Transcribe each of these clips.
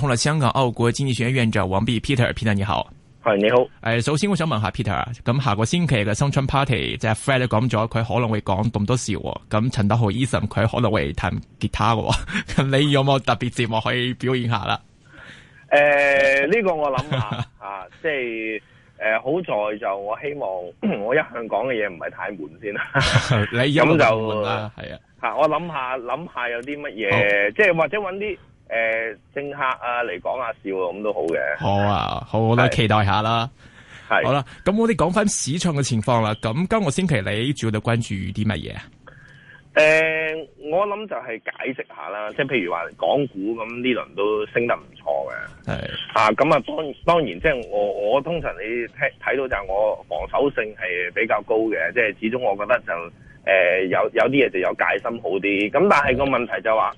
同埋香港澳國經濟學院院長王弼 Peter，Peter Peter，你好，係你好。誒，首先我想問下 Peter，啊，咁下個星期嘅新春 n s h i Party 就係 Fred 講咗佢可能會講咁多事，咁陳德豪 Eason 佢可能會彈吉他嘅， 你有冇特別節目可以表演一下啦？誒、呃、呢、這個我諗下 啊，即係誒，呃、好在就我希望我一向講嘅嘢唔係太悶先啦， 你有就悶啦，係啊，吓、啊、我諗下諗下有啲乜嘢，好即係或者揾啲。誒、呃，政客啊，嚟講下笑咁都好嘅，啊。好啊，好是，啦期待下啦。係是，好啦，啊，咁我哋講翻市場嘅情況啦。咁今個星期你主要都關注啲乜嘢啊？誒、呃，我諗就係解釋下啦，即係譬如話港股咁呢輪都升得唔錯嘅。係是啊，咁啊，當當然，即係我我通常你睇睇到就係我防守性係比較高嘅，即係始終我覺得就誒、呃、有有啲嘢就有戒心好啲。咁但係個問題就話。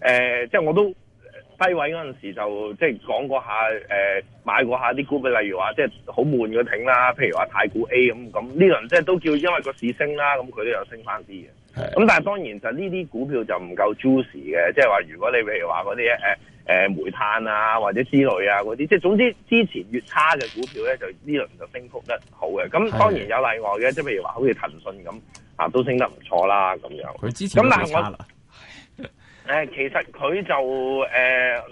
誒、呃，即係我都低位嗰陣時就即係講過下，誒、呃、買過下啲股票，例如話即係好悶嘅挺啦，譬如話太古 A 咁咁呢輪即係都叫因為個市升啦，咁佢都有升翻啲嘅。咁的、嗯、但係當然就呢啲股票就唔夠 juicy 嘅，即係話如果你譬如話嗰啲誒誒煤炭啊或者之類啊嗰啲，即係總之之前越差嘅股票咧就呢輪就升幅得好嘅。咁的當然有例外嘅，即係譬如話好似騰訊咁啊都升得唔錯啦咁樣。佢之前咁但係我。誒、呃，其實佢就誒，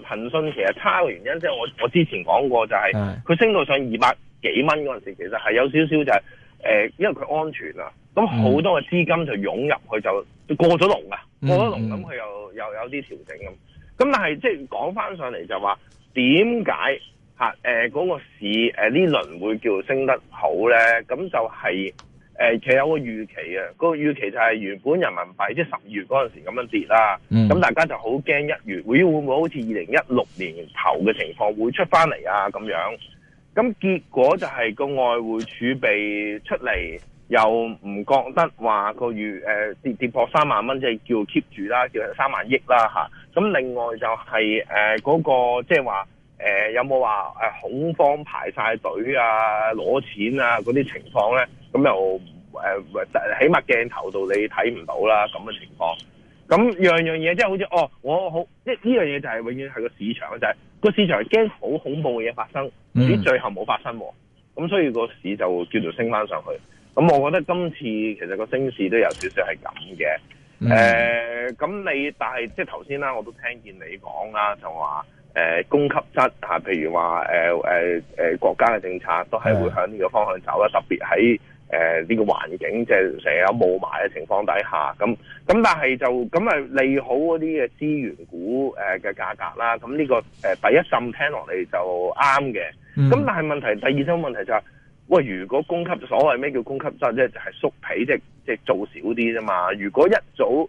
騰、呃、訊其實差嘅原因即係我我之前講過就係、是，佢的升到上二百幾蚊嗰陣時，其實係有少少就係、是，誒、呃，因為佢安全啊，咁好多嘅資金就湧入去就，就過咗籠啊，過咗籠咁佢又又，又有啲調整咁，咁但係即係講翻上嚟，就話，點解吓誒嗰個市誒呢輪會叫升得好咧？咁就係、是。誒，其實有個預期嘅，個預期就係原本人民幣即係十二月嗰陣時咁樣跌啦，咁、嗯、大家就好驚一月會會唔會好似二零一六年頭嘅情況會出翻嚟啊咁樣，咁結果就係個外匯儲備出嚟又唔覺得話個月誒、呃、跌跌破三萬蚊即係叫 keep 住啦，叫三萬億啦嚇。咁、啊、另外就係誒嗰個即係話誒有冇話誒恐慌排晒隊啊攞錢啊嗰啲情況咧？咁又誒，嗯嗯、起碼鏡頭度你睇唔到啦，咁嘅情況。咁樣樣嘢即係好似哦，我好呢呢樣嘢就係永遠係個市場嘅就係、是、個市場係驚好恐怖嘅嘢發生，點最後冇發生喎。咁所以個市就叫做升翻上去。咁我覺得今次其實個升市都有少少係咁嘅。誒、呃、咁你但係即係頭先啦，我都聽見你講啦，就話誒、呃、供給側啊，譬如話誒誒國家嘅政策都係會向呢個方向走啦，特別喺。誒呢、呃這個環境即係成日有霧霾嘅情況底下，咁咁但係就咁係利好嗰啲嘅資源股誒嘅價格啦，咁呢、這個、呃、第一浸聽落嚟就啱嘅。咁、嗯、但係問題第二種問題就係、是，喂，如果供給所謂咩叫供給側咧，就係縮皮，即係即係做少啲啫嘛。如果一早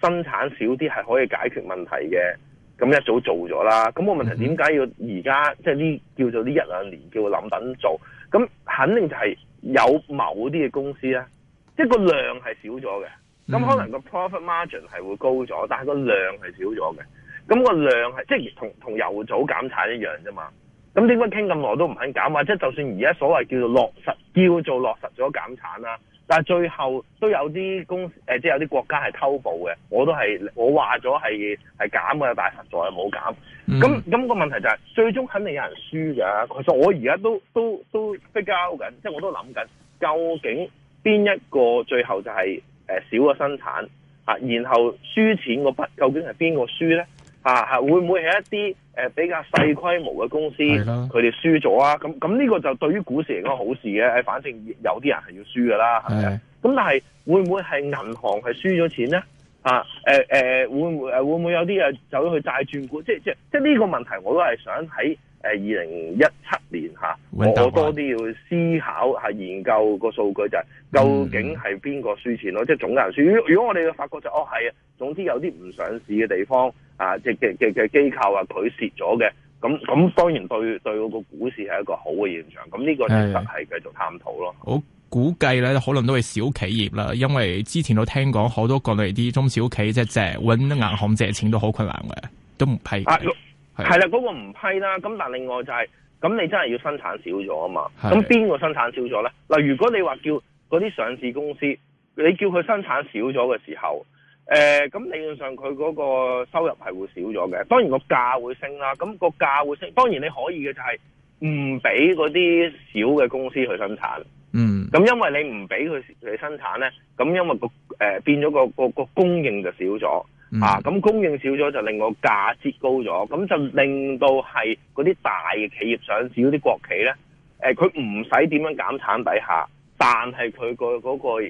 生產少啲係可以解決問題嘅，咁一早做咗啦。咁個問題點解要而家即係呢叫做呢一兩年叫諗緊做？咁肯定就係、是。有某啲嘅公司咧，即係個量係少咗嘅，咁可能個 profit margin 係會高咗，但係個量係少咗嘅，咁個量係即係同同油組減產一樣啫嘛，咁點解傾咁耐都唔肯減？或者就算而家所謂叫做落實叫做落實咗減產啦？但係最後都有啲公司，誒，即係有啲國家係偷步嘅。我都係我話咗係係減嘅，但係實在冇減。咁咁個問題就係，最終肯定有人輸㗎。其實我而家都都都比較緊，即係我都諗緊，究竟邊一個最後就係誒少咗生產啊，然後輸錢嗰筆究竟係邊個輸咧？啊，會唔會係一啲誒、呃、比較細規模嘅公司，佢哋輸咗啊？咁咁呢個就對於股市嚟講好事嘅，誒，反正有啲人係要輸㗎啦，係咪？咁但係會唔會係銀行係輸咗錢咧？啊，誒、呃、誒、呃，會唔會會唔會有啲人走去債轉股？即即即呢個問題，我都係想喺。誒，二零一七年吓，我多啲要思考，係研究個數據就係究竟係邊個輸錢咯？嗯、即係總有人輸。如果我哋發覺就係，哦係，總之有啲唔上市嘅地方啊，即係嘅嘅嘅機構啊，佢蝕咗嘅，咁咁當然對對嗰個股市係一個好嘅現象。咁呢個其實係繼續探討咯。我估計咧，可能都係小企業啦，因為之前都聽講好多國內啲中小企即係搵銀行借錢都好困難嘅，都唔批。啊係啦，嗰、那個唔批啦。咁但係另外就係、是，咁你真係要生產少咗啊嘛。咁邊的個生產少咗咧？嗱，如果你話叫嗰啲上市公司，你叫佢生產少咗嘅時候，誒、呃，咁理論上佢嗰個收入係會少咗嘅。當然個價會升啦。咁個價會升，當然你可以嘅就係唔俾嗰啲小嘅公司去生產。嗯。咁因為你唔俾佢去生產咧，咁因為、那個誒、呃、變咗、那個個、那個供應就少咗。啊！咁供應少咗就令個價切高咗，咁就令到係嗰啲大嘅企業上市嗰啲國企咧，誒、呃，佢唔使點樣減產底下，但係佢、那個嗰個誒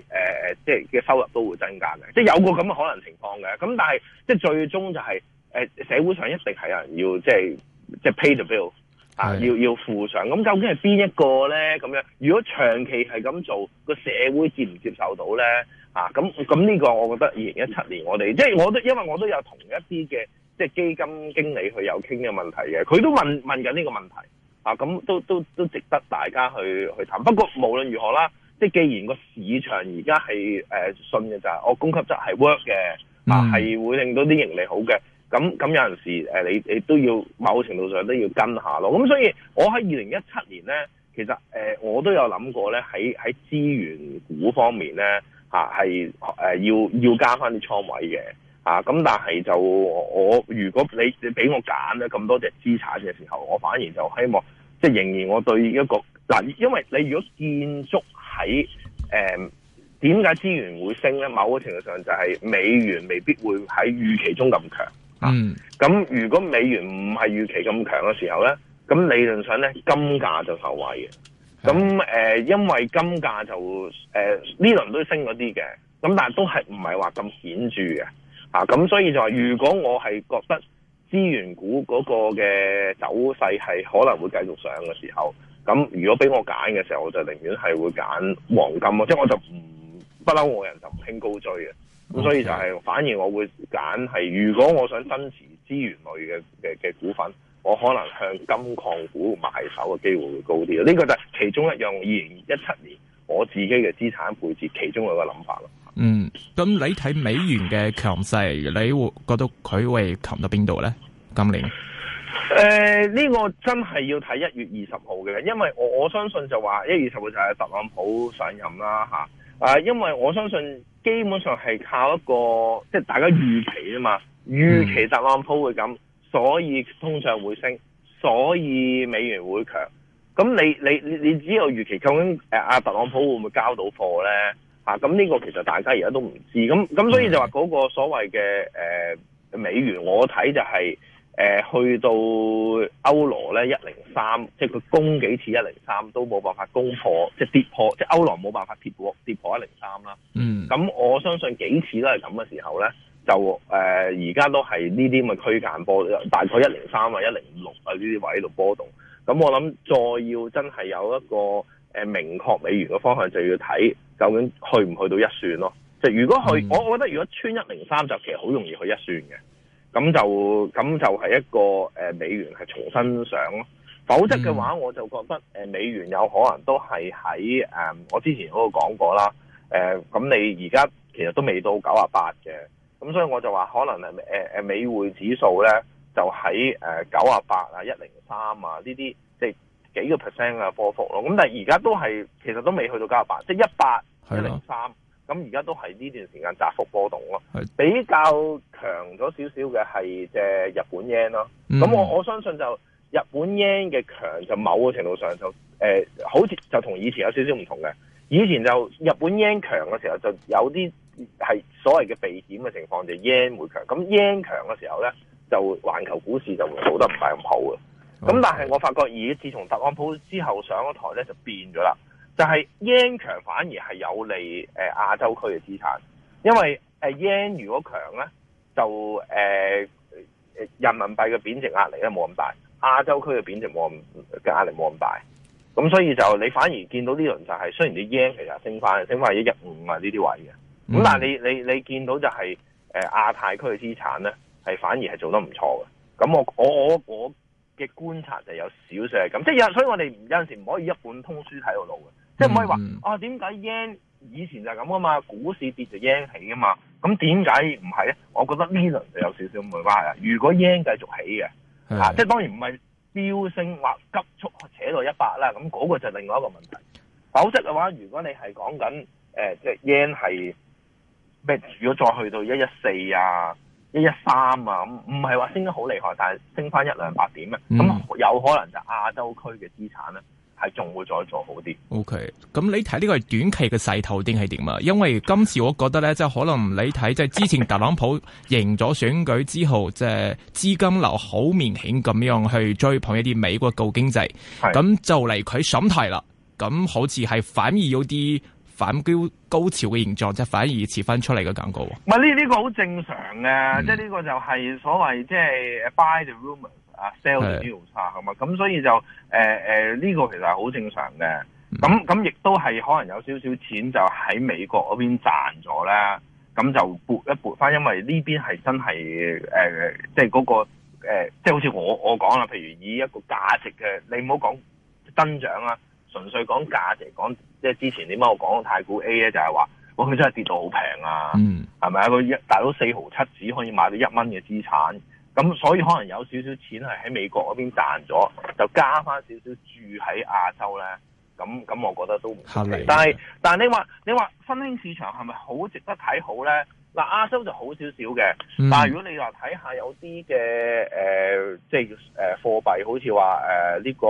即係嘅收入都會增加嘅，即係有個咁嘅可能情況嘅。咁但係即係最終就係、是、誒、呃、社會上一定係有人要即係即係 pay the bill。啊！要要附上咁，究竟係邊一個咧？咁樣，如果長期係咁做，個社會接唔接受到咧？啊！咁咁呢個，我覺得二零一七年我哋即係我都，因為我都有同一啲嘅即係基金經理去有傾呢個問題嘅，佢都問問緊呢個問題，問問個問題啊！咁都都都值得大家去去談。不過無論如何啦，即係既然個市場而家係誒信嘅就係，我供給質係 work 嘅，啊係、嗯、會令到啲盈利好嘅。咁咁有陣時誒你你都要某程度上都要跟下咯。咁所以我喺二零一七年咧，其實誒、呃、我都有諗過咧，喺喺資源股方面咧嚇係誒要要加翻啲倉位嘅嚇。咁、啊、但係就我如果你你俾我揀咗咁多隻資產嘅時候，我反而就希望即係仍然我對一個嗱，因為你如果建築喺誒點解資源會升咧？某個程度上就係美元未必會喺預期中咁強。嗯，咁如果美元唔係預期咁強嘅時候咧，咁理論上咧金價就受惠嘅。咁誒的、呃，因為金價就誒呢輪都升嗰啲嘅，咁但係都係唔係話咁顯著嘅。咁、啊、所以就係如果我係覺得資源股嗰個嘅走勢係可能會繼續上嘅時候，咁如果俾我揀嘅時候，我就寧願係會揀黃金即係、就是、我就唔不嬲我人就唔興高追嘅。咁 Okay. 所以就係反而我會揀，係如果我想增持資源類嘅嘅嘅股份，我可能向金礦股埋手嘅機會會高啲呢，這個就係其中一樣二零一七年我自己嘅資產配置其中一個諗法咯。嗯，咁你睇美元嘅強勢，你會覺得佢會擒到邊度呢？今年？誒、呃、呢，這個真係要睇一月二十號嘅，因為我我相信就話一月二十號就係特朗普上任啦吓、啊，因為我相信。基本上係靠一個即係大家預期吖嘛，預期特朗普會咁，所以通脹會升，所以美元會強。咁你你你只有預期究竟誒阿特朗普會唔會交到貨咧？嚇、咁呢個其實大家而家都唔知。咁咁所以就話嗰個所謂嘅、呃、美元，我睇就係、是。誒、呃、去到歐羅咧一零三，3，即係佢攻幾次一零三都冇辦法攻破，即係跌破，即係歐羅冇辦法跌破跌破一零三啦。嗯，咁我相信幾次都係咁嘅時候咧，就誒而家都係呢啲咁嘅區間波，大概一零三啊一零六啊呢啲位喺度波動。咁我諗再要真係有一個誒明確美元嘅方向，就要睇究竟去唔去到一算咯。即係如果去，嗯、我覺得如果穿一零三就其實好容易去一算嘅。咁就咁就係一個、呃、美元係重新上咯，否則嘅話我就覺得、呃、美元有可能都係喺、呃、我之前嗰度講過啦，誒、呃、咁你而家其實都未到九啊八嘅，咁所以我就話可能、呃、美匯指數咧就喺誒九啊八啊一零三啊呢啲即係幾個 percent 嘅波幅咯，咁但係而家都係其實都未去到九啊八，即係一八一零三。咁而家都係呢段時間窄幅波動咯，比較強咗少少嘅係誒日本 yen 咯。咁我、嗯、我相信就日本 yen 嘅強就某個程度上就誒好似就同以前有少少唔同嘅。以前就日本 yen 強嘅時候就有啲係所謂嘅避險嘅情況，就 yen、係、會強。咁 yen 強嘅時候咧就環球股市就會走得唔係咁好嘅。咁、嗯、但係我發覺而自從特朗普之後上咗台咧就變咗啦。就係 yen 強反而係有利誒亞洲區嘅資產，因為誒 yen 如果強咧，就誒、呃、人民幣嘅貶值壓力咧冇咁大，亞洲區嘅貶值冇咁嘅壓力冇咁大，咁所以就你反而見到呢輪就係、是、雖然你 yen 其實升翻，升翻一一五啊呢啲位嘅，咁、嗯、但係你你你見到就係、是、誒亞太區嘅資產咧係反而係做得唔錯嘅，咁我我我我嘅觀察就有少少係咁，即係有，所以我哋有陣時唔可以一本通書睇到路嘅。即係唔可以話啊，點解 yen 以前就係咁啊嘛？股市跌就 yen 起啊嘛？咁點解唔係咧？我覺得呢輪就有少少唔係話啦。如果 yen 繼續起嘅，是的 啊，即係當然唔係飆升或急速扯到一百啦。咁嗰個就另外一個問題。否則嘅話，如果你係講緊誒，即係 yen 係咩？如果再去到一一四啊、一一三啊，唔唔係話升得好厲害，但係升翻一兩百點啊，咁有可能就亞洲區嘅資產咧。係仲會再做，做好啲。OK，咁你睇呢個係短期嘅勢頭定係點啊？因為今次我覺得咧，即係可能你睇，即係之前特朗普贏咗選舉之後，即係資金流好明顯咁樣去追捧一啲美國舊經濟。係是。咁就嚟佢上台啦。咁好似係反而有啲反高高潮嘅現象，即係反而切翻出嚟嘅感覺。唔係呢？呢個好正常嘅，啊，即係呢個就係所謂即係 buy the rumor。S 啊 sales 差，係嘛、啊？咁所以就誒誒，呢、呃呃這個其實係好正常嘅。咁咁亦都係可能有少少錢就喺美國嗰邊賺咗啦。咁就撥一撥翻，因為呢邊係真係誒，即係嗰個即係、呃就是、好似我我講啦，譬如以一個價值嘅，你唔好講增長啦，純粹講價值，講即係之前點解我講太古 A 咧，就係、是、話，哇，佢真係跌到好平啊，嗯，係咪啊？佢一大到四毫七紙可以買到一蚊嘅資產。咁所以可能有少少錢係喺美國嗰邊賺咗，就加翻少少住喺亞洲咧。咁咁，我覺得都唔係、啊。但係但係，你話你話新興市場係咪好值得睇好咧？嗱、啊，亞洲就好少少嘅。嗯、但係如果你話睇下有啲嘅、呃、即係誒貨幣，好似話呢個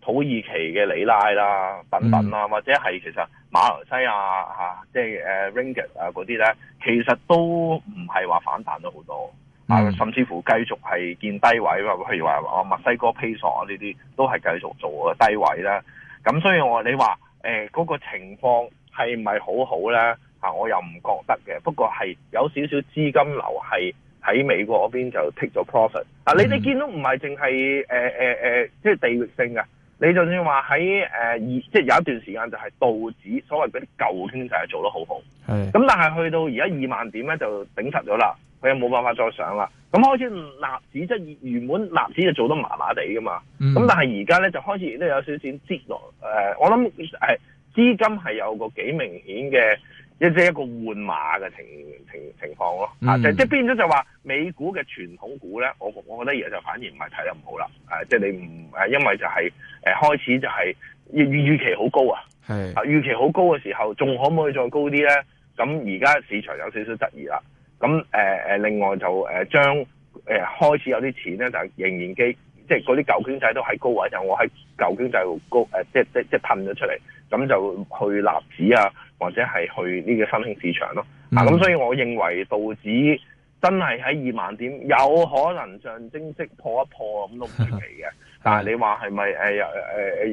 土耳其嘅里拉啦、等等啦，嗯、或者係其實馬來西亞、啊、即係 ringgit 啊嗰啲咧，其實都唔係話反彈咗好多。嗯、甚至乎繼續係見低位，譬如話啊墨西哥 peso 呢啲都係繼續做個低位啦。咁所以我你話嗰、呃嗰個情況係咪好好咧、啊？我又唔覺得嘅。不過係有少少資金流係喺美國嗰邊就 take 咗 profit。嗯、啊，你哋見到唔係淨係呃、呃、呃，即係地域性嘅。你就算話喺二，即係有一段時間就係道指所謂嗰啲舊經濟做得好好。咁、嗯嗯，但係去到而家二萬點咧，就頂實咗啦。佢又冇辦法再上啦，咁開始納指，即係原本納指就做得麻麻地噶嘛，咁、嗯、但係而家咧就開始亦都有少少折落，誒、呃，我諗誒資金係有個幾明顯嘅一即係一個換馬嘅情情情況咯，啊，嗯、即係變咗就話美股嘅傳統股咧，我我覺得而家就反而唔係睇得唔好啦，誒、呃，即係你唔誒因為就係、是、誒、呃、開始就係預預期好高啊，係，啊預期好高嘅時候，仲可唔可以再高啲咧？咁而家市場有少少質疑啦。咁誒、呃、另外就誒將誒開始有啲錢咧，就仍然基即嗰啲舊經濟都喺高位，就我喺舊經濟高、呃、即即即噴咗出嚟，咁就去立市啊，或者係去呢個新興市場咯。啊，咁所以我認為道指真係喺二萬點，有可能象徵式破一破咁都唔奇嘅。 但係你話係咪誒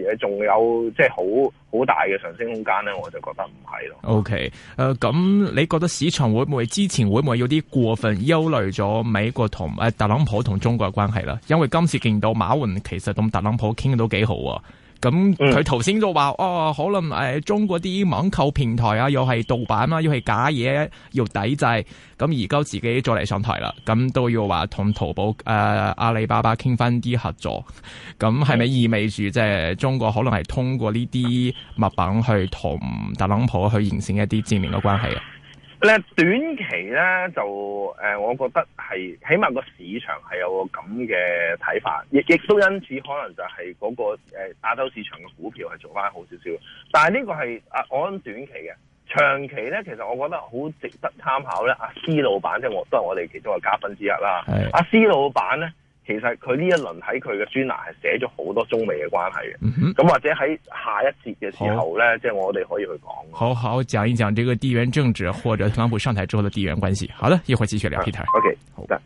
誒誒仲有、呃、有即係好好大嘅上升空間咧？我就覺得唔係咯。OK，誒咁，你覺得市場會唔會之前會唔會有啲過分憂慮咗美國同誒、呃、特朗普同中國嘅關係啦？因為今次見到馬雲其實同特朗普傾到都幾好啊。咁佢頭先都話哦，可能誒、呃、中國啲網購平台啊，又係盜版啦、啊，又係假嘢，要抵制。咁而家自己再嚟上台啦，咁都要話同淘寶誒、呃、阿里巴巴傾翻啲合作。咁係咪意味住即係中國可能係通過呢啲物品去同特朗普去形成一啲正面嘅關係啊？咧短期咧就誒、呃，我覺得係，起碼個市場係有個咁嘅睇法，亦亦都因此可能就係嗰、那個誒、呃、亞洲市場嘅股票係做翻好少少。但係呢個係啊、呃，我諗短期嘅，長期咧其實我覺得好值得參考咧。阿、啊、C 老闆即係我都係我哋其中嘅嘉賓之一啦。係的。阿、啊、C 老闆咧。其實佢呢一輪喺佢嘅專欄係寫咗好多中美嘅關係嘅，咁、嗯、哼或者喺下一節嘅時候咧，即係好我哋可以去講。好好，講一講呢個地緣政治或者特朗普上台之後嘅地緣關係。好的，一會繼續聊、啊、Peter。OK，好。